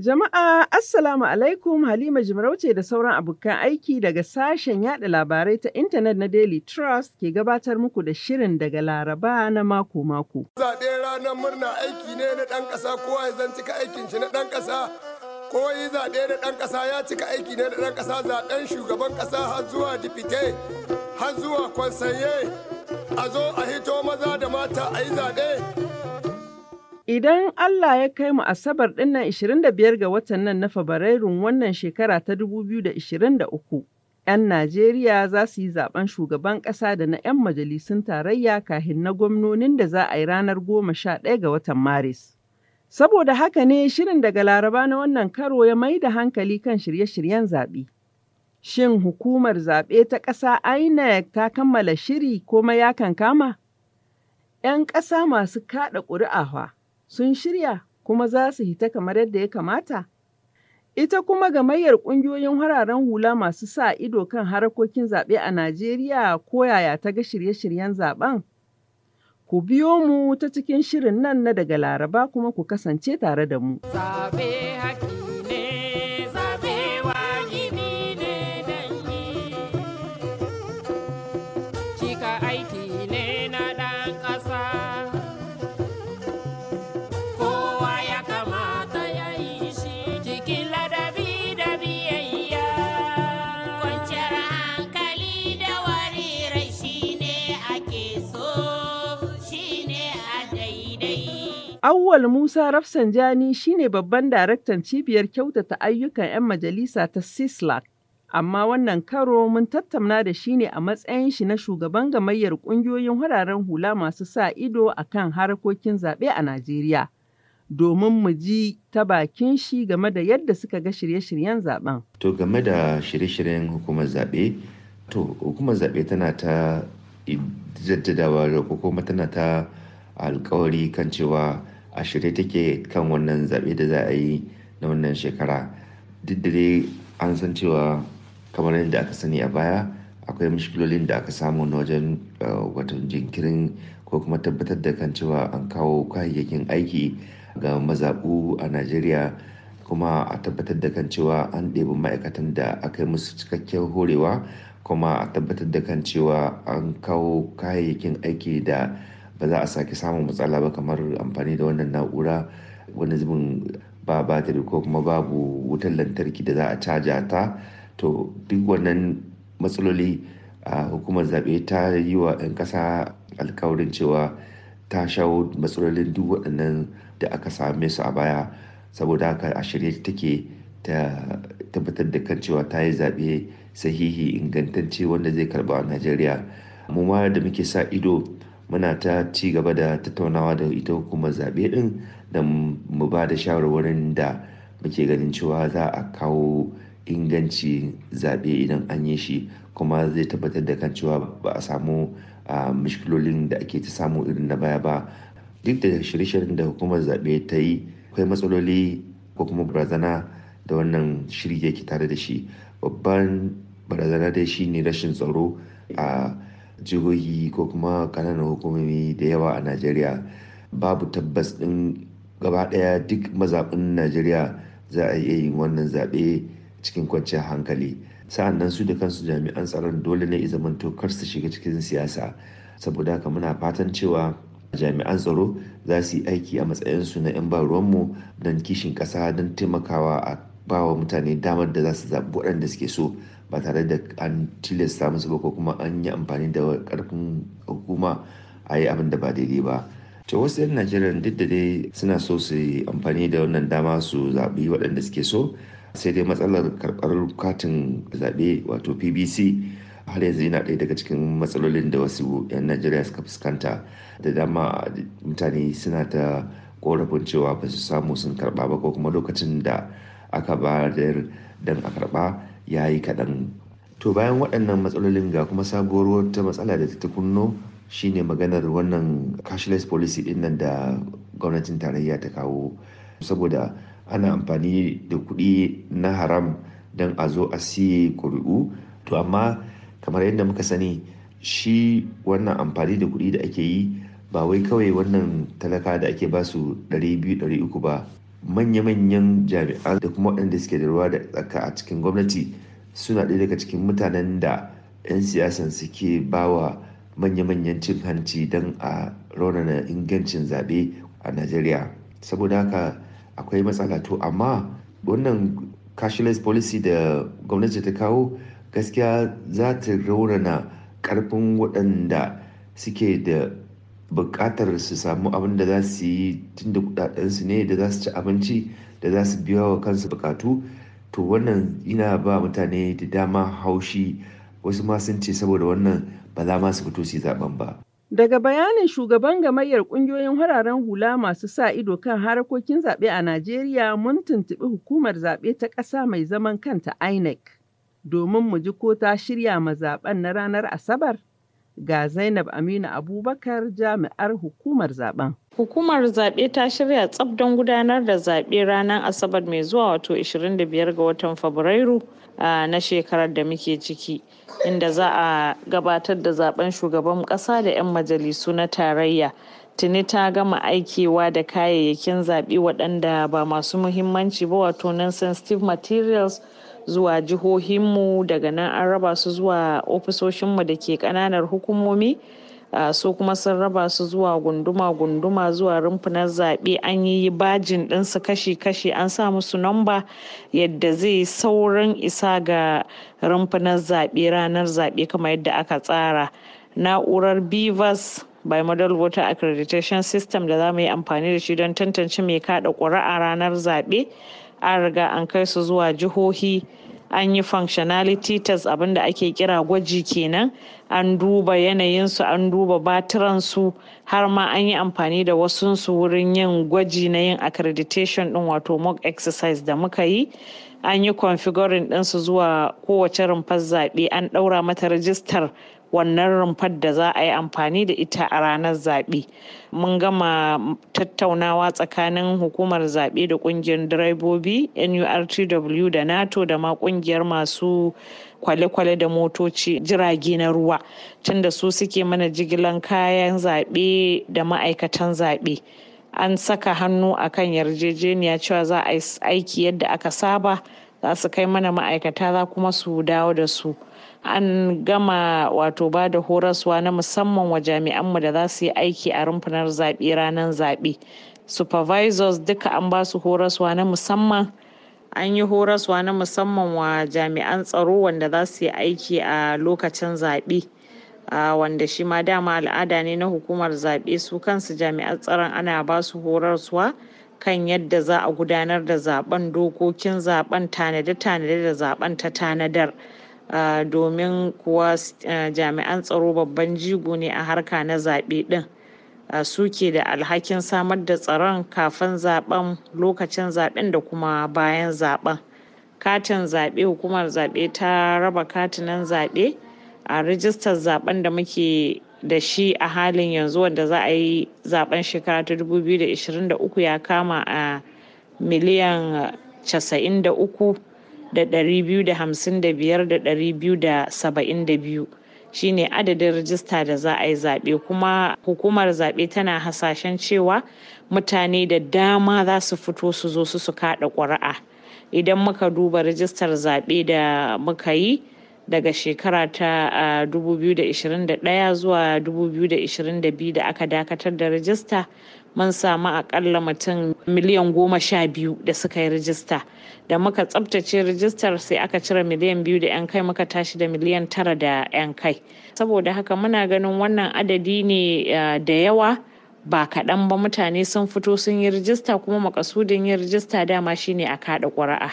Jama'a Assalamu alaikum Halima Jimarauce da sauran abokan aiki daga sashen yada labarai ta intanet na Daily Trust ke gabatar muku da shirin daga Laraba na mako-mako. Zaɓe ranar murna aiki ne na ɗan ƙasa kowa ya zan cika aikin shi na ɗan ƙasa. Kowa yi zaɓe na ɗan ƙasa ya cika aiki ne na ɗan ƙasa zaɓen shugaban ƙasa har zuwa dipite har zuwa kwansaye a zo a hito maza da mata a yi zaɓe. Idan Allah ya kai mu Asabar ɗinnan 25 ga watan nan na Fabrairun wannan shekara ta 2023, 'yan Najeriya za su yi zaɓen shugaban ƙasa da na 'yan majalisun tarayya kahin na gwamnonin da za a yi ranar 11 ga watan Maris. Saboda haka ne shirin daga Laraba na wannan karo ya mai da hankali kan shirye-shiryen zaɓe. Shin hukumar zaɓe ta ƙasa INEC ta kammala shiri ko ya kankama? ‘Yan ƙasa masu kaɗa ƙuri'a Sun shirya kuma za su hita kamar yadda ya kamata? Ita kuma gamayyar ƙungiyoyin hararen hula masu sa ido kan harakokin zaɓe a Najeriya ko yaya ta ga shirye-shiryen zaɓen? Ku biyo mu ta cikin shirin nan na daga Laraba kuma ku kasance tare da mu. Zabe. Awwal Musa Rafsanjani shine babban daraktan cibiyar kyautata ayyukan 'yan majalisa ta CISLAC. Amma wannan karo mun tattauna da shi ne a matsayin shi na shugaban gamayyar ƙungiyoyin wuraren hula masu sa ido a kan harkokin zaɓe a Najeriya. Domin mu ji ta bakin shi game da yadda suka ga shirye-shiryen zaben. To game da shirye-shiryen hukumar zaɓe, to hukumar zaɓe tana ta jaddadawa da kuma tana ta alkawari kan cewa a shirye take kan wannan zaɓe da za a yi na wannan shekara duk da dai an san cewa kamar yadda aka sani a baya akwai mashikilolin da aka samu na wajen eh, watan jinkirin ko kuma tabbatar da kan cewa an kawo kayayyakin aiki ga mazaɓu a najeriya kuma a tabbatar da kan cewa an ɗebi ma'aikatan da aka yi musu cikakken horewa kuma a tabbatar da kan cewa an kawo kayayyakin aiki da ba za a sake samun matsala ba kamar amfani da wannan na'ura wani zubin ba batiri ko kuma babu wutar lantarki da za a caja ta to duk wannan matsaloli a hukumar zaɓe ta yi wa 'yan ƙasa alkawarin cewa ta shawo matsalolin duk waɗannan da aka same su a baya saboda haka a shirye take ta tabbatar da kan cewa ta yi zaɓe sahihi ingantacce wanda zai karɓa a najeriya mu ma da muke sa ido muna ta ci gaba da tattaunawa da ita kuma zaɓe ɗin da mu ba da shawarwarin da muke ganin cewa za a kawo inganci zaɓe idan an yi shi kuma zai tabbatar da kan cewa ba a samu mishkilolin da ake ta samu irin na baya ba duk da shirye-shiryen da hukumar zaɓe ta yi akwai matsaloli ko kuma barazana da wannan shiri ke tare da shi babban barazana dai ne rashin tsaro a jihohi ko kuma kananan hukumomi da yawa a najeriya babu tabbas din gaba ɗaya duk mazaɓin najeriya za a iya yin wannan zaɓe cikin kwanciyar hankali sa'an nan su da kansu jami'an tsaron dole ne zamanto kar su shiga cikin siyasa saboda haka muna fatan cewa jami'an tsaro za su yi aiki a matsayinsu na 'yan baruwanmu don kishin ƙasa don taimakawa a bawa mutane damar da za su zaɓi waɗanda suke so ba tare da an tilasta musu ba ko kuma an yi amfani da karfin hukuma a yi abin da ba daidai ba to wasu 'yan najeriya duk da dai suna so su yi amfani da wannan dama su zaɓi waɗanda suke so sai dai matsalar karɓar katin zaɓe wato pbc har yanzu yana ɗaya daga cikin matsalolin da wasu 'yan najeriya suka fuskanta da dama mutane suna ta korafin cewa ba su samu sun karɓa ba ko kuma lokacin da aka bayar dan a karɓa ya yi kaɗan to bayan waɗannan matsalolin ga kuma sabuwar wata matsala da ta kunno shine maganar wannan cashless policy din nan da gwamnatin tarayya ta kawo saboda ana amfani da kuɗi na haram don a zo a siye ƙuri'u to amma kamar yadda muka sani shi wannan amfani da kuɗi da ake yi ba wai kawai wannan talaka da ake basu 200-300 ba manya-manyan jami'an da kuma waɗanda suke da ruwa da tsaka a cikin gwamnati suna ɗaya daga cikin mutanen da 'yan siyasan suke bawa manya-manyan cin hanci don a raunana ingancin zaɓe a najeriya saboda haka akwai matsala to amma wannan cashless policy da gwamnati ta kawo gaskiya za ta raunana ƙarfin waɗanda suke da buƙatar su samu abin da za su yi tun da kudadensu ne da za su ci abinci da za su biya wa kansu buƙatu to wannan yana ba mutane da dama haushi wasu ma sun ce saboda wannan ba za ma su fito su yi zaben ba. Daga bayanin shugaban gamayyar kungiyoyin hararen hula masu sa ido kan harkokin zaɓe a Najeriya mun tuntuɓi hukumar zaɓe ta ƙasa mai zaman kanta INEC domin mu ji ko ta shirya ma zaɓen na ranar Asabar. ga Zainab Aminu Abubakar jami'ar hukumar zaben. Hukumar zaɓe ta shirya tsab don gudanar da zaɓe ranar Asabar mai zuwa wato 25 ga watan Fabrairu na shekarar da muke ciki inda za a gabatar da zaben shugaban ƙasa da 'yan majalisu na tarayya tuni ta gama aikewa da kayayyakin zaɓe waɗanda ba masu muhimmanci ba wato nan sensitive materials zuwa jihohinmu daga nan an raba su zuwa ofisoshinmu da ke ƙananar hukumomi uh, ah, so kuma sun raba su zuwa gunduma-gunduma zuwa rumfunan zaɓe an yi bajin ɗinsu kashi-kashi an sa musu namba yadda zai saurin isa ga rumfunan zaɓe ranar zaɓe kamar yadda aka tsara na'urar bivas by model voter accreditation system da za mu yi amfani da shi don tantance mai kada ƙuri'a ranar zaɓe an riga an kai su zuwa jihohi an yi functionality test abinda ake kira gwaji kenan an duba yanayinsu an duba batiransu har ma an yi amfani da wasunsu wurin yin gwaji na yin accreditation din wato mock exercise da muka yi an yi configuring ɗinsu zuwa kowace rumfar zaɓe an ɗaura mata rajistar wannan rumfar da za a yi amfani da ita a ranar zaɓe mun gama tattaunawa tsakanin hukumar zaɓe da ƙungiyar direbobi nurtw da nato da ma ƙungiyar masu kwale-kwale da motoci jirage na ruwa tunda su suke mana jigilan kayan zaɓe da ma'aikatan zaɓe an saka hannu a kan yarjejeniya cewa za a yi aiki yadda aka saba za su kai mana ma'aikata za kuma su dawo da su. an gama wato ba da horaswa na musamman wa jami'an mu da za su yi aiki a rumfunar zaɓe ranar zaɓe supervisors duka an ba su horaswa na musamman an yi horaswa na musamman wa jami'an tsaro wanda za su yi aiki a lokacin zaɓe wanda shi ma dama al'ada ne na hukumar zaɓe su kansu jami'an tsaron ana ba su horaswa kan yadda za a gudanar da zaben dokokin zaben tanade-tanade da zaben ta tanadar. domin kuwa jami'an tsaro babban jigo ne a harka na zaɓe ɗin suke da alhakin samar da tsaron kafin zaben lokacin zaben da kuma bayan zaben katin zaɓe hukumar zaɓe ta raba katinan zaɓe a rijistar zaben da muke da shi a halin yanzu wanda za a yi zaben shekara ta 2023 ya kama a miliyan 93 da 255,272 shine adadin rajista da za a yi zaɓe kuma hukumar zaɓe tana hasashen cewa mutane da dama za su fito su zo su su kaɗa ƙuri'a idan muka duba rijistar zaɓe da muka yi daga shekara ta 2021 zuwa 2022 da aka dakatar da rajista mun samu akalla mutum miliyan goma sha biyu da suka yi rijista da muka tsabtace rijistar sai aka cire miliyan biyu da 'yan kai muka tashi da miliyan tara da 'yan kai saboda haka muna ganin wannan adadi ne eh, da yawa ba kaɗan ba mutane sun fito sun yi rijista kuma makasudin yin rijista dama shine a kaɗa ƙuri'a.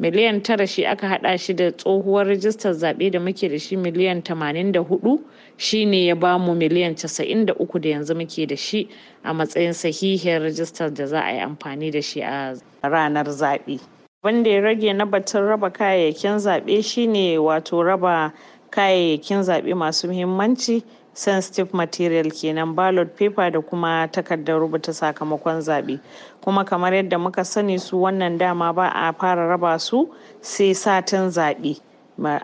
miliyan tara shi aka hada shi da tsohuwar rijistar zaɓe da muke da shi miliyan 84 shi ne ya ba mu miliyan 93 da yanzu muke da shi a matsayin sahihiyar rijistar da za a yi amfani da shi a ranar zaɓe. wanda ya rage na batun raba kayayyakin zaɓe shine wato raba kayayyakin zaɓe masu muhimmanci sensitive material kenan ballot paper da kuma takardar rubuta sakamakon zaɓe kuma kamar yadda muka sani su wannan dama ba a fara raba su sai satin zaɓe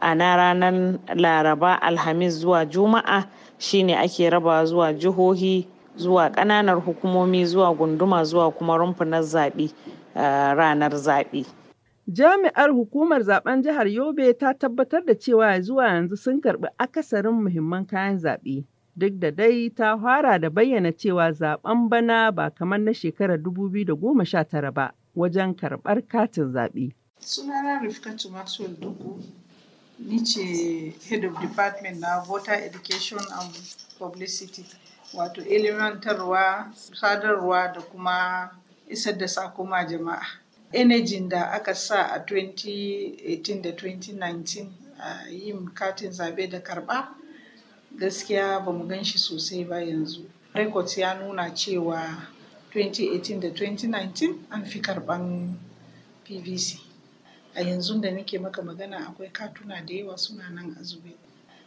ana ranar laraba alhamis zuwa juma'a shine ake raba zuwa jihohi zuwa kananan hukumomi zuwa gunduma zuwa kuma rumfunar zaɓe eh, ranar zaɓe. Jami'ar Hukumar zaben Jihar Yobe ta tabbatar da cewa zuwa yanzu sun karbi akasarin muhimman kayan zaɓe, duk da dai ta fara da bayyana cewa zaben bana ba kamar na shekarar 2019 ba wajen karɓar katin zaɓe. Sunana Rifkatu Maxwell Dugu, ni ce Head of Department na Voter Education and Publicity, wato ilimantarwa, sadarwa da kuma isar da sakoma jama'a. energy da aka sa a 2018 da 2019 a yin katin zabe da karba gaskiya ba mu gan shi sosai ba yanzu records ya nuna cewa 2018 da 2019 an fi karban pvc a yanzu da nake maka magana akwai katuna da yawa suna nan a zube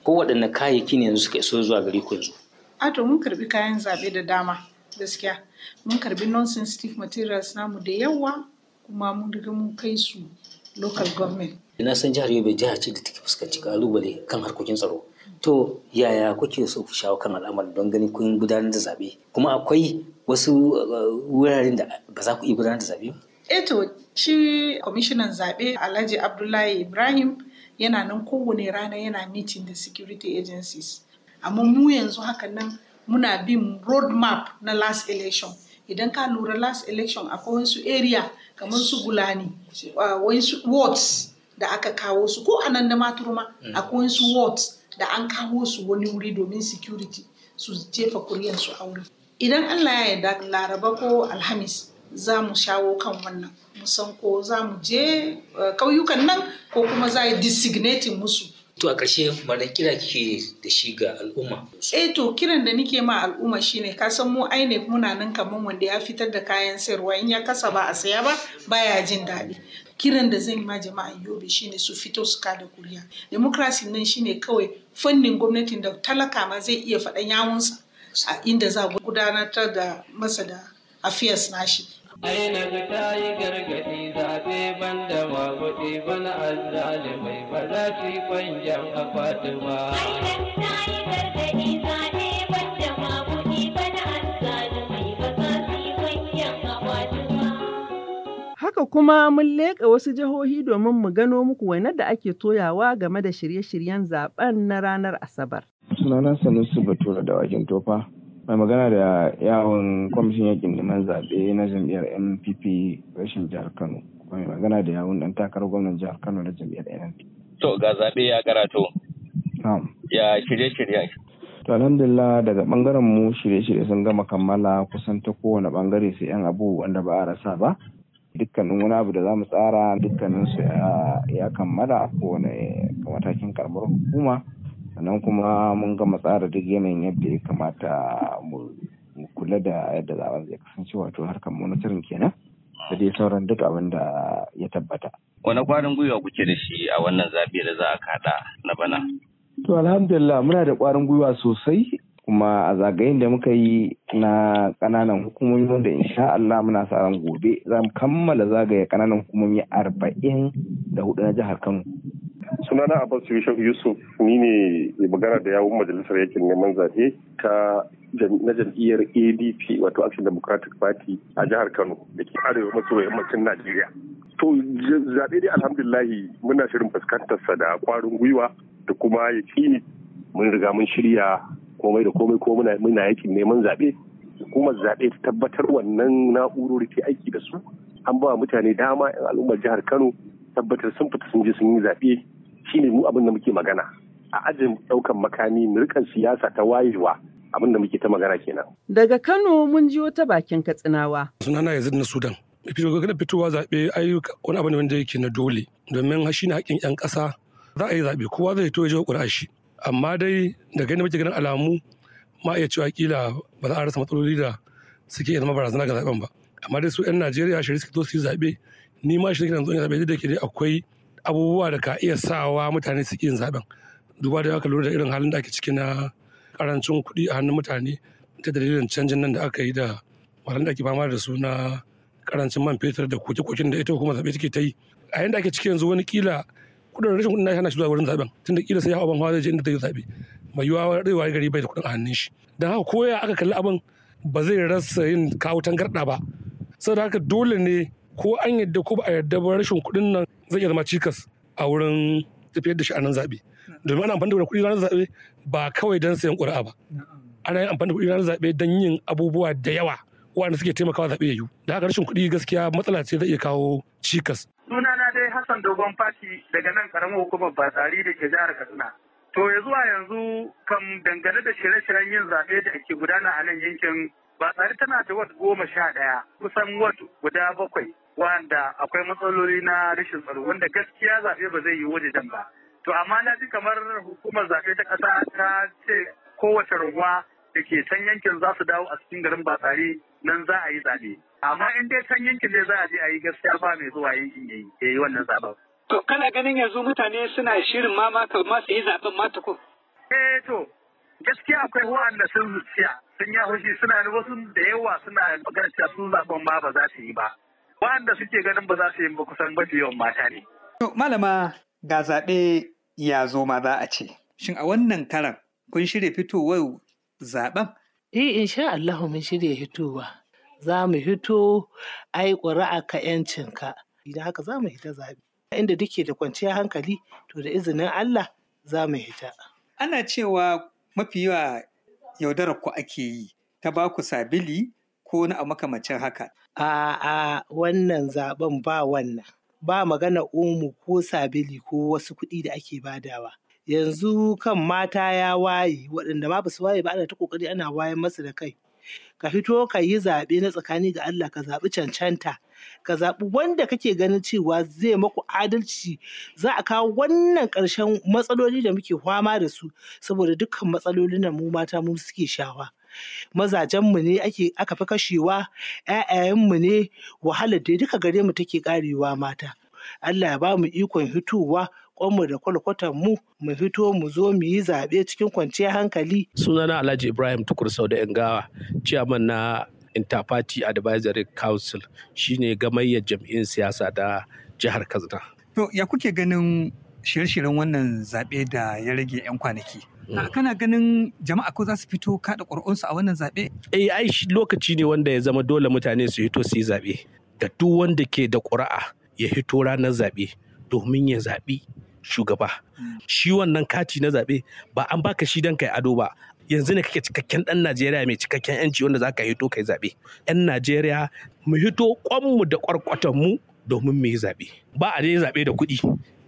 ko waɗanne kayayyaki ne yanzu suka iso zuwa gari ku yanzu ato mun karbi kayan zabe da dama gaskiya mun karbi non-sensitive materials namu da yawa kuma mun riga mun kai su local government. Na san jihar Yobe jihar ce da take fuskanci kalubale kan harkokin tsaro. To yaya kuke so ku shawo kan al'amarin don ganin kun gudanar da zaɓe? Kuma akwai wasu uh, wuraren da ba za ku iya gudanar da zaɓe? Eto, eh shi kwamishinan zaɓe Alhaji Abdullahi Ibrahim yana nan kowane rana yana meeting da security agencies. Amma mu yanzu hakan nan muna bin road map na last election. idan ka lura last election akwai wasu area kamar su gulani wasu wards da aka kawo su ko a nan da maturma mm. akwai wasu wards da an kawo su wani wuri domin security su jefa kuriyar su aure. idan allah ya yarda laraba ko alhamis za mu shawo kan wannan mu san ko za mu je eh, ƙauyukan nan ko kuma za yi designating musu To a ƙarshe wani kira ke da shi ga al'umma? Eh to kiran da nike ma al'umma shine ka san mu INEC muna nan kamar wanda ya fitar da kayan sayarwa in ya kasa ba a saya ba baya jin daɗi. Kiran da zan yi ma jama'an yobe shine su fito su kada kuriya. Democracy nan shine kawai fannin gwamnatin da talaka ma zai iya faɗan yawunsa a inda za gudanar da masa da affairs nashi INEC ta yi gargaɗi zaɓe ban da maguɗi bana azzalimai ba za su yi kwanjan ta yi gargaɗi zaɓe ban da maguɗi bana azzalimai ba za su yi kwanjan akwati ba. Haka kuma mun leƙa wasu jihohi domin mu gano muku wainar da ake toyawa game da shirye-shiryen zaɓen na ranar Asabar. Sunana Sanusi Batura da Wajen Tofa. mai magana da yawon kwamishin yakin neman zaɓe na jam'iyyar npp rashin jihar kano mai magana da yawon ɗan takarar gwamnan jihar kano na jam'iyyar npp to ga zaɓe ya karato ya shirye shirye to alhamdulillah daga bangaren mu shirye-shirye sun gama kammala kusan ta kowane bangare sai yan abu wanda ba a rasa ba dukkanin wani abu da za mu tsara dukkanin su ya kammala a kowane matakin karamar hukuma sannan kuma mun gama tsara duk yanayin yadda ya kamata kula da yadda zaben zai kasance wato harkar monitoring kenan da dai sauran duk abin da ya tabbata. Wani kwarin gwiwa kuke da shi a wannan zaɓe da za a kaɗa na bana? To alhamdulillah muna da kwarin gwiwa sosai kuma a zagayen da muka yi na ƙananan hukumomi wanda insha Allah muna sa ran gobe za mu kammala zagaye ƙananan hukumomi arba'in da hudu na jihar Kano. sunana abbas yusuf ni ne magana da yawun majalisar yakin neman zaɓe ta na jam'iyyar adp wato action democratic party a jihar kano da ke arewa maso yammacin najeriya to zaɓe dai alhamdulahi muna shirin fuskantar sa da kwarin gwiwa da kuma ya yaƙini mun riga mun shirya komai da komai ko muna yakin neman zaɓe hukumar zaɓe ta tabbatar wannan na'urori ta aiki da su an ba mutane dama 'yan al'ummar jihar kano tabbatar sun fita sun je sun yi zaɓe shine mu abin da muke magana a ajin ɗaukan makami mulkan siyasa ta wayewa abin da muke ta magana kenan. Daga Kano mun ji wata bakin Katsinawa. Sunana yanzu na Sudan. fitowa zaɓe ayyuka wani abu ne wanda yake na dole domin shi ne haƙƙin 'yan ƙasa za a yi zaɓe kowa zai to ya je ƙura shi amma dai daga yadda muke ganin alamu ma iya cewa kila ba za a rasa matsaloli da suke iya zama barazana ga zaɓen ba amma dai su 'yan Najeriya shari'a suke zo su yi zaɓe ni ma shi nake yanzu ina zaɓe da ke dai akwai abubuwa da ka iya sawa mutane su yin zaben duba da aka lura da irin halin da ake ciki na karancin kuɗi a hannun mutane ta dalilin canjin nan da aka yi da wahalar da ake fama da su na karancin man fetur da koke-koken da ita kuma zaɓe take ta yi a yanda ake ciki yanzu wani kila kudin rashin kudin nashi hana shi zuwa wurin zaben tunda kila sai ya hawa hawa zai je inda zai zabe mai yiwuwa rewa gari bai da kudin a hannun shi dan haka koya aka kalli abin ba zai rasa yin kawo tangarda ba saboda haka dole ne ko an yadda ko ba a yadda ba rashin kudin nan zai iya zama cikas a wurin tafiyar da shi a nan zaɓe domin ana amfani da kuɗi ranar zaɓe ba kawai don sayan ƙuri'a ba ana yin amfani da kuɗi ranar zaɓe don yin abubuwa da yawa waɗanda suke taimakawa zaɓe ya yi. da haka rashin kuɗi gaskiya matsala ce zai iya kawo cikas. sunana dai hassan dogon Fati daga nan karamar hukumar batsari da ke jihar katsina to ya zuwa yanzu kan dangane da shirye-shiryen yin zaɓe da ke gudana a nan yankin batsari tana da wat goma sha ɗaya kusan wat guda bakwai wanda akwai matsaloli na rashin tsaro wanda gaskiya zaɓe ba zai yi wajen ba to amma na ji kamar hukumar zaɓe ta ƙasa ta ce kowace ruwa da ke can yankin za su dawo a cikin garin batsari nan za a yi zaɓe amma in dai can yankin ne za a je a yi gaskiya ba mai zuwa yankin ya yi wannan zaɓen. to kana ganin yanzu mutane suna shirin ma ma su yi zaɓen ma ko. eh to gaskiya akwai wa'anda sun zuciya sun yi haushi suna wasu da yawa suna magana cewa sun zaɓen ma ba za su yi ba. wanda suke ganin ba za su yi kusan ba yawan mata ne. To malama ga zaɓe ya zo ma za a ce. Shin a wannan karan kun shirya fitowar zaɓen? Eh sha Allah mun shirya hitowa. Za mu hito ai ƙuri'a ka 'yancinka. Idan haka za mu hita zaɓe. inda duke da kwanciyar hankali to da izinin Allah za mu hita. Ana cewa mafi yawa yaudarar ku ake yi ta ba ku sabili ko na makamacin haka. A'a wannan zaben ba wannan. Ba magana omo ko sabili ko wasu kuɗi da ake badawa. Yanzu kan mata ya waye waɗanda ma ba su waye ba ana ta ƙoƙari ana wayan masu da kai. Ka fito ka yi zaɓe na tsakani ga Allah ka zaɓi cancanta. Ka zaɓi wanda kake ganin cewa zai maku adalci za a kawo wannan ƙarshen matsaloli da muke fama da su saboda dukkan matsalolin nan mu mata mu suke shawa. mazajenmu ne ake aka fi kashewa ‘ya'yayenmu ne wahalar da duka gare mu take karewa mata Allah ya ba mu ikon hitowa kwanmu da kwalkwatan mu mu fito mu zo mu yi zaɓe cikin kwanciyar hankali. Sunana Alhaji Ibrahim Tukur Sau da ingawa chairman na Interparty Advisory Council shine gamayyar jam'in siyasa da jihar Katsina. To ya kuke ganin shirye-shiryen wannan zaɓe da ya rage 'yan kwanaki? Mm. kana ganin jama'a ko za su fito kada ƙuri'unsu a wannan zaɓe? eh ai lokaci ne wanda ya zama dole mutane su hito su yi zaɓe da duk wanda ke da ƙura'a ya hito ranar zaɓe domin ya zaɓi shugaba mm. shi wannan kati na zaɓe ba an baka shi don kai ado ba yanzu ne kake cikakken ɗan Najeriya mai cikakken yanci wanda za ka hito kai zaɓe. 'Yan Najeriya mu hito kwanmu da mu domin mu yi zaɓe. Ba a dai zaɓe da kuɗi,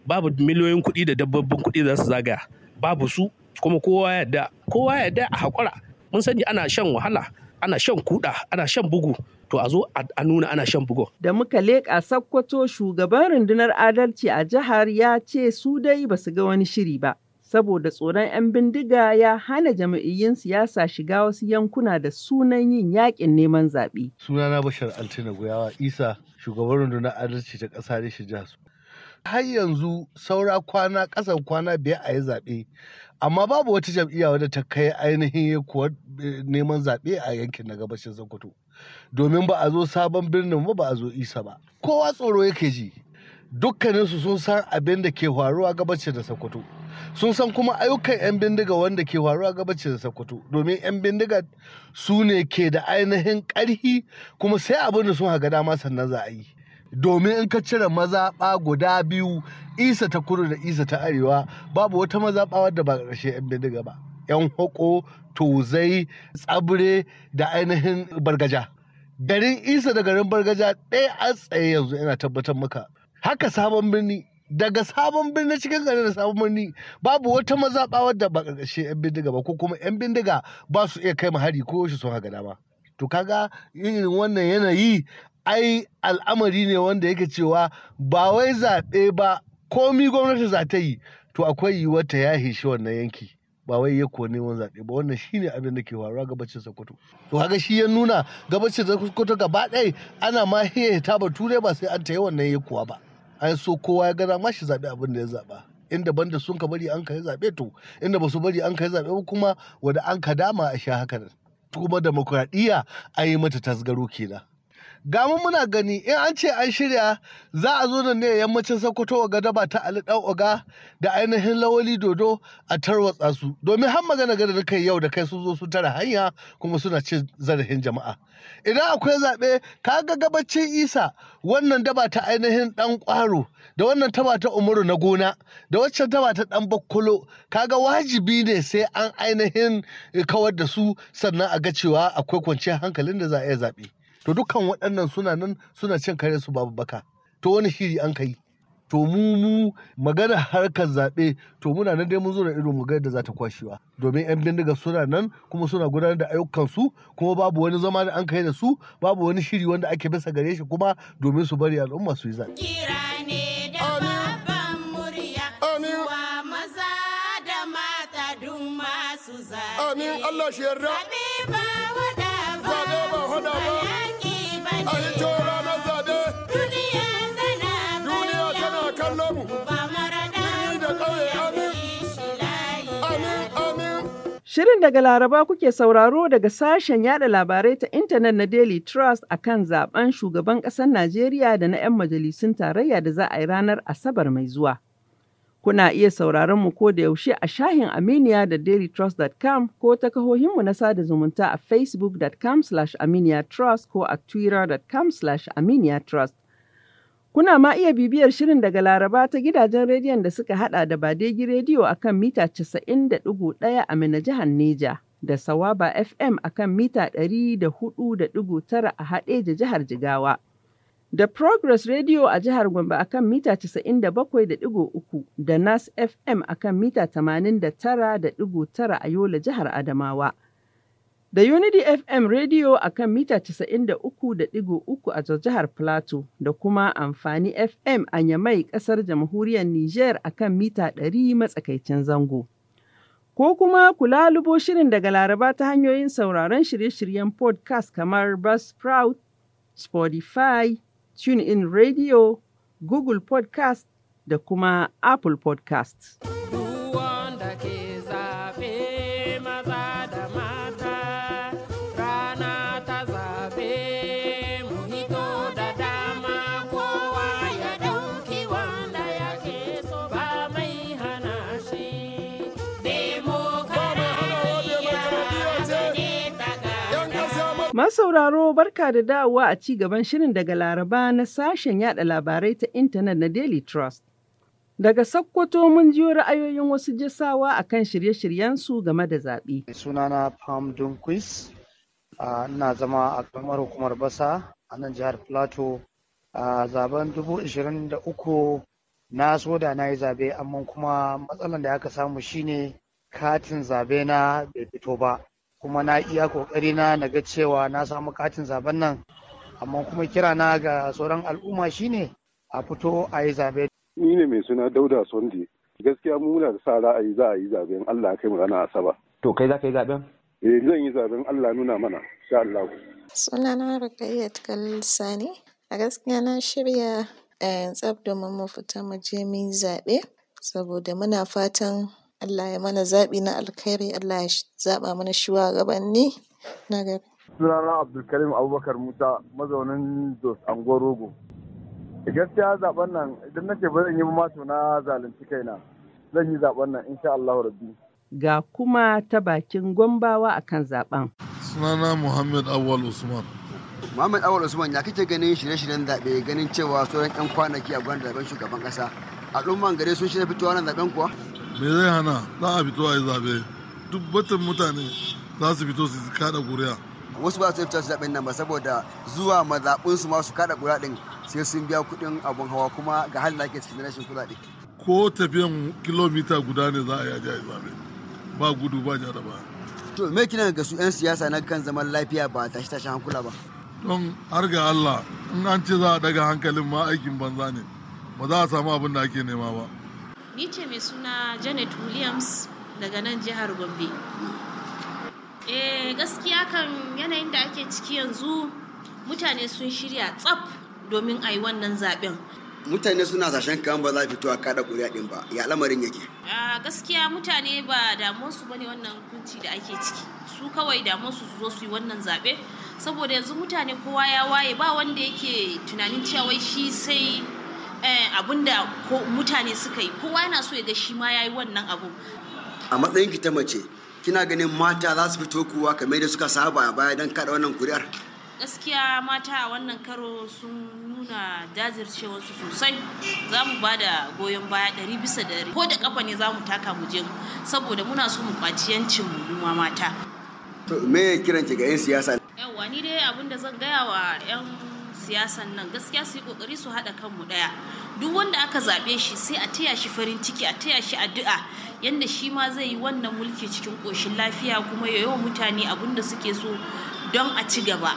babu miliyoyin kuɗi da dabbobin kuɗi za su zagaya babu su kuma kowa da kowa da a hakura mun sani ana shan wahala ana shan kuɗa ana shan bugu to a zo a nuna ana shan bugu. Da muka leƙa sakkwato shugaban rundunar adalci a jihar ya ce su dai ba su ga wani shiri ba. Saboda tsoron 'yan bindiga ya hana jami'in siyasa shiga wasu yankuna da sunan yin yakin neman zaɓe. Sunana Bashar Altina Guyawa Isa shugaban rundunar adalci ta ƙasa da shi jihar. Har yanzu saura kwana ƙasan kwana biyar a yi zaɓe amma babu wata jam'iyya wadda ta kai ainihin kuwa eh, neman zaɓe a yankin na gabashin zakwato domin ba a zo sabon birnin ba ba a zo isa ba kowa tsoro yake ji dukkaninsu sun san abin da ke faruwa gabashin da sakwato sun san kuma ayyukan 'yan bindiga wanda ke faruwa da sakwato domin 'yan bindiga su ne ke da ainihin ƙarhi kuma sai abin da sun haga dama sannan za a yi domin in ka cire mazaɓa guda biyu isa ta kudu da isa ta arewa babu wata mazaɓa wadda ba ƙarshe 'yan bindiga ba 'yan hoko tozai tsabire da ainihin bargaja garin isa da garin bargaja ɗaya a tsaye yanzu yana tabbatar maka haka sabon birni daga sabon birni cikin garin da sabon birni babu wata mazaɓa wadda ba ƙarƙashin 'yan bindiga ba ko kuma 'yan bindiga ba su iya kai hari ko shi sun haka dama to kaga irin wannan yanayi ai al'amari ne wanda yake cewa ba wai zaɓe ba komi gwamnati za ta yi to akwai yiwuwar ta ya shi wannan yanki ba wai ya kone wani zaɓe ba wannan shine abin da ke faruwa gabacin sokoto to haka shi ya nuna gabacin sokoto gaba ɗaya ana ma ta ba ture ba sai an ta yi wannan ya kuwa ba an so kowa ya gana ma shi zaɓe abin da ya zaɓa inda banda sun ka bari an ka yi zaɓe to inda ba su bari an ka yi zaɓe ba kuma wanda an ka dama a sha haka kuma demokuraɗiyya an yi mata tasgaro kenan ga mu muna gani in an ce an shirya za a zo da ne yammacin sokoto oga daba ta ali dan oga da ainihin lawali dodo a tarwatsa su domin har magana gada da kai yau da kai sun zo su tara hanya kuma suna cin zarafin jama'a idan akwai zaɓe ka ga gabacin isa wannan daba ta ainihin dan kwaro da wannan taba ta umaru na gona da waccan taba ta dan bakkolo kaga wajibi ne sai an ainihin kawar da su sannan a ga cewa akwai kwanciyar hankalin da za a iya zaɓe to dukkan waɗannan suna nan suna cin kare su babu baka to wani shiri an kai to mu mu magana harkar zaɓe to muna nan dai mun zo da irin magana da za ta kwashewa domin yan bindiga suna nan kuma suna gudanar da ayyukansu kuma babu wani zama da an kai da su babu wani shiri wanda ake bisa gare shi kuma domin su bari al'umma su yi zaɓe. kira maza da mata amin Allah shi yarda. Shirin daga Laraba kuke sauraro daga sashen yada labarai ta intanet na Daily Trust a kan zaben shugaban ƙasar Najeriya da na 'yan majalisun tarayya da za a yi ranar Asabar mai zuwa. Kuna iya sauraron mu ko da yaushe a shahin Aminiya da dailytrust.com ko ta kahohinmu na sada zumunta a facebook.com slash aminiyatrust ko a twitter.com slash aminiyatrust. Kuna ma iya bibiyar shirin daga Laraba ta gidajen rediyon da suka hada da Badegi Rediyo a kan mita 90.1 a Mina Neja da Sawaba FM a kan mita 104.9 a Haɗeja jihar Jigawa. da Progress Radio a jihar Gombe akan mita 97.3 da Nas FM akan mita 89.9 a Yola jihar Adamawa. Da Unity FM Radio kan mita 93.3 a jihar Plateau da kuma amfani FM a Yamai ƙasar jamhuriyar Niger kan mita 100 matsakaicin zango. ko kuma ku lalubo shirin daga Laraba ta hanyoyin sauraron shirye-shiryen podcast kamar Buzzsprout, Spotify, TuneIn Radio, Google Podcast da kuma Apple Podcast. sauraro barka da dawowa a ci gaban shirin daga Laraba na sashen yada labarai ta intanet na Daily Trust. Daga Sakkwato mun ji ra'ayoyin wasu jisawa akan shirye-shiryensu game da zaɓe. Sunana Pam Dunquist, ina zama a kamar hukumar Basa a nan jihar Plateau. A zaben 2023 na so da na yi zabe amma kuma matsalan da aka samu shine katin zaɓe na bai fito ba. kuma na iya kokari na na ga cewa na samu katin zaben nan amma kuma kira na ga sauran al'umma shine a fito a yi zabe ni ne mai suna dauda sondi gaskiya muna da sa ra'ayi za a yi zaben Allah kai mu rana asaba to kai za ka yi zaben eh zan yi zaben Allah nuna mana sha Allah Suna na Rukayyat Khalil Sani a gaskiya na shirya eh, tsab domin mu fita mu je mu yi zaɓe saboda muna fatan Allah ya mana zaɓi na alkhairi, Allah ya zaɓa mana shugabanni na gari. Sunana Abdulkarim Abubakar Musa mazaunin Jos Angorogo. Rogo. Gaskiya zaɓen nan idan nake ba zan yi masu na zalunci kaina. Zan yi zaɓen nan insha Allah rabbi. Ga kuma ta bakin gombawa akan zaɓen. Sunana Muhammad Awal Usman. Muhammad Awal Usman ya kake ganin shirye-shiryen zaɓe ganin cewa sauran 'yan kwanaki a gwanda zaɓen shugaban ƙasa. Al'umman gare sun shirya fitowa nan zaɓen kuwa? me zai hana za a fito a yi zaɓe duk batun mutane za su fito su kada ƙuri'a. wasu ba su fita su zaɓen nan ba saboda zuwa mazaɓinsu ma su kada kuri'a ɗin sai sun biya kuɗin abun hawa kuma ga halin da ake cikin rashin kuɗaɗe ko tafiyan kilomita guda ne za a yi ajiya zaɓe ba gudu ba jara ba to me kina ga su 'yan siyasa na kan zaman lafiya ba tashi tashi hankula ba don har ga Allah in an ce za a daga hankalin ma aikin banza ne ba za a samu abin da ake nema ba ni ce mai suna janet williams daga nan jihar gombe eh gaskiya kan yanayin da ake ciki yanzu mutane sun shirya tsaf domin a yi wannan zaben mutane suna sashen kan ba za fito a kada kuri din ba ya lamarin yake a gaskiya mutane ba su bane wannan hukunci da ake ciki su kawai damuwarsu su zo su yi wannan zabe saboda yanzu mutane kowa ya waye ba wanda yake tunanin cewa shi sai Eh, abinda mutane suka yi kowa yana so ya ga shi ma ya yi wannan abu a matsayin ki ta mace kina ganin mata za su fito kuwa kamar da suka saba a baya don kada wannan kuri'ar gaskiya mata a wannan karo sun nuna jajircewarsu sosai za mu ba da goyon baya ɗari bisa ɗari ko da ƙafa ne za mu taka mu je saboda muna so mu kwaci yancin mu mata. to me kiran ki ga 'yan siyasa? yawwa ni dai abin da zan gaya wa 'yan siyasan nan gaskiya su yi kokari su haɗa kanmu ɗaya duk wanda aka zaɓe shi sai a taya shi farin ciki a taya shi addu'a yanda shi ma zai yi wannan mulki cikin ƙoshin lafiya kuma ya wa mutane abin da suke so don a ci gaba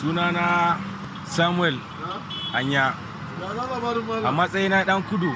sunana samuel hanya a matsayina ɗan kudu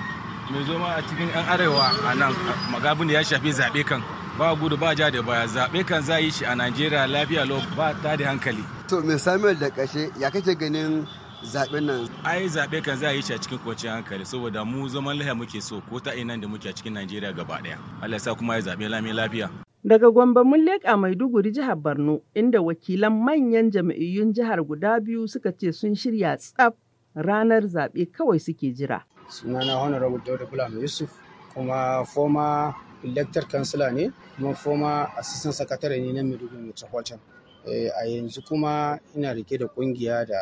mai zoma a cikin 'yan arewa a nan magabin da ya shafi zaɓe kan ba gudu ba ja da baya zaɓe kan za yi shi a najeriya lafiya lau ba ta da hankali to mai samuel da ƙashe ya kake ganin zaɓen nan ai zaɓe kan za a yi shi a cikin kwanciyar hankali saboda mu zaman lahiya muke so ko ta ina da muke a cikin najeriya gaba ɗaya allah sa kuma ya zaɓe lami lafiya daga gombe mun leƙa maiduguri jihar borno inda wakilan manyan jami'iyyun jihar guda biyu suka ce sun shirya tsaf ranar zaɓe kawai suke jira sunana honorable dauda bulama yusuf kuma former elected councillor ne kuma former assistant secretary ne na Maiduguri Metropolitan. Eh, a yanzu kuma ina rike da kungiya da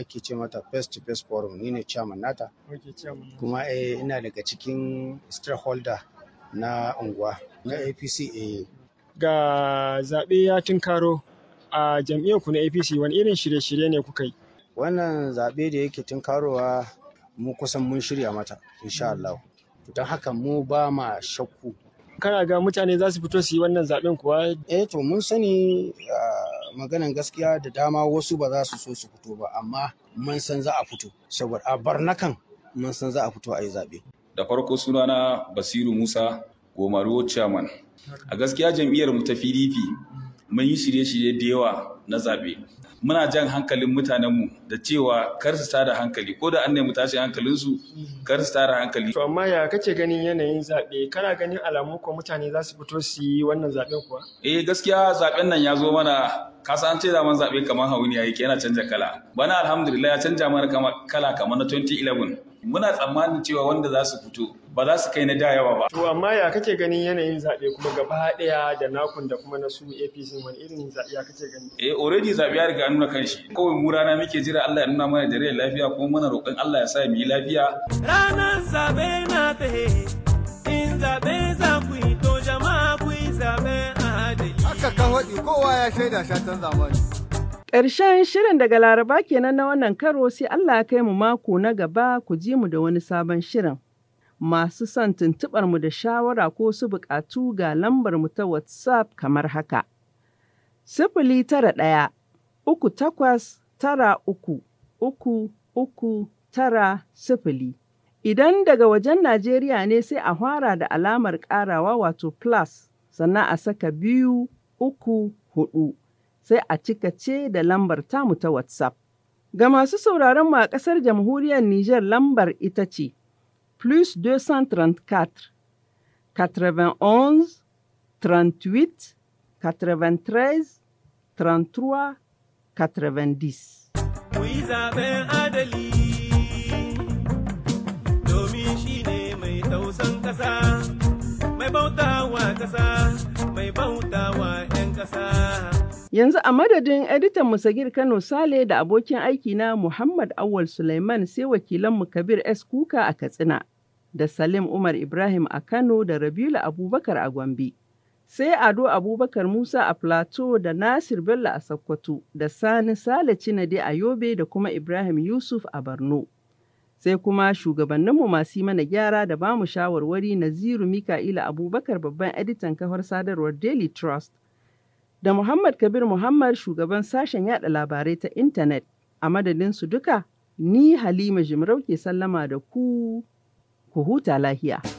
ake ce mata First to First forum ni ne chairman nata kuma eh, ina daga cikin stakeholder na unguwa na apc eh. ga zaɓe ya tunkaro a jam'iyyarku na apc wani irin shirye-shirye ne kuka yi wannan zaɓe da yake tunkarowa mu kusan mun shirya mata insha mm. Allah don haka mu ba ma shakku kana ga mutane za su fito su yi wannan zaben kuwa eh to mun sani maganan gaskiya da dama wasu ba za su so su fito ba amma mun san za a fito saboda a barnakan mun san za a fito a yi zaɓe. da farko sunana basiru musa Gomaru chairman a gaskiya jam'iyyar mu ta pdp mun yi shirye-shirye da yawa na zaɓe muna jan hankalin mutanenmu da cewa kar su tada hankali ko da an nemi tashin hankalinsu kar su tada hankali. To amma ya kace ganin yanayin zaɓe kana ganin alamu ko mutane za su fito su yi wannan zaɓen kuwa? Eh gaskiya zaɓen nan ya zo mana kasa an ce da man zaɓe kamar hauni ya yake yana canja kala. Bana alhamdulillah ya canja mana kala kamar na 2011. muna tsammanin cewa wanda za su fito ba za su kai na da yawa ba. To amma ya kake ganin yanayin zaɓe kuma gaba ɗaya da nakun da kuma na su APC wani irin zaɓe ya kake gani? Eh already zaɓe ya riga nuna kanshi. Kowai mu rana muke jira Allah ya nuna mana da rai lafiya kuma muna roƙon Allah ya sa mu yi lafiya. Ranar zaɓe na ta he in zaɓe za ku yi to jama'a ku yi zaɓe a hadari. Haka ka faɗi kowa ya shaida shatan zamani. Ƙarshen shirin daga Laraba kenan na wannan karo sai Allah kai mu mako na gaba ku ji mu da wani sabon shirin. Masu son tuntuɓar mu da shawara ko su buƙatu ga lambar mu ta WhatsApp kamar haka. Sifili tara ɗaya, uku takwas, tara uku, uku, uku, tara sifili. Idan daga wajen Najeriya ne sai a fara da alamar ƙarawa wato plus, sannan a saka biyu, uku, hudu. sai a cika ce da lambar tamu ta WhatsApp. Ga masu sauraron mu a ƙasar jamhuriyar Nijar lambar ita ce plus 234 91 38 93 33 90. Kuyi zaben adali domin shi ne mai bautawa ƙasa, mai bautawa ‘yan ƙasa. Yanzu a madadin editan Musagir Kano Sale da abokin aikina Muhammad Awal Suleiman sai wakilanmu Kabir S. Kuka a Katsina da Salim Umar Ibrahim a Kano da Rabilu Abubakar a Gombe. Sai Ado Abubakar Musa a Plateau da Nasir Bello a Sokoto da Sani Sale Cinade a Yobe da kuma Ibrahim Yusuf a Borno. sai kuma shugabanninmu masu mana gyara da bamu shawarwari naziru mika'ila abubakar babban editan kafar sadarwar daily trust da Muhammad Kabir Muhammad shugaban sashen yada labarai ta intanet a madadin su duka ni Halima Jimarau ke sallama da ku ku huta lahiya.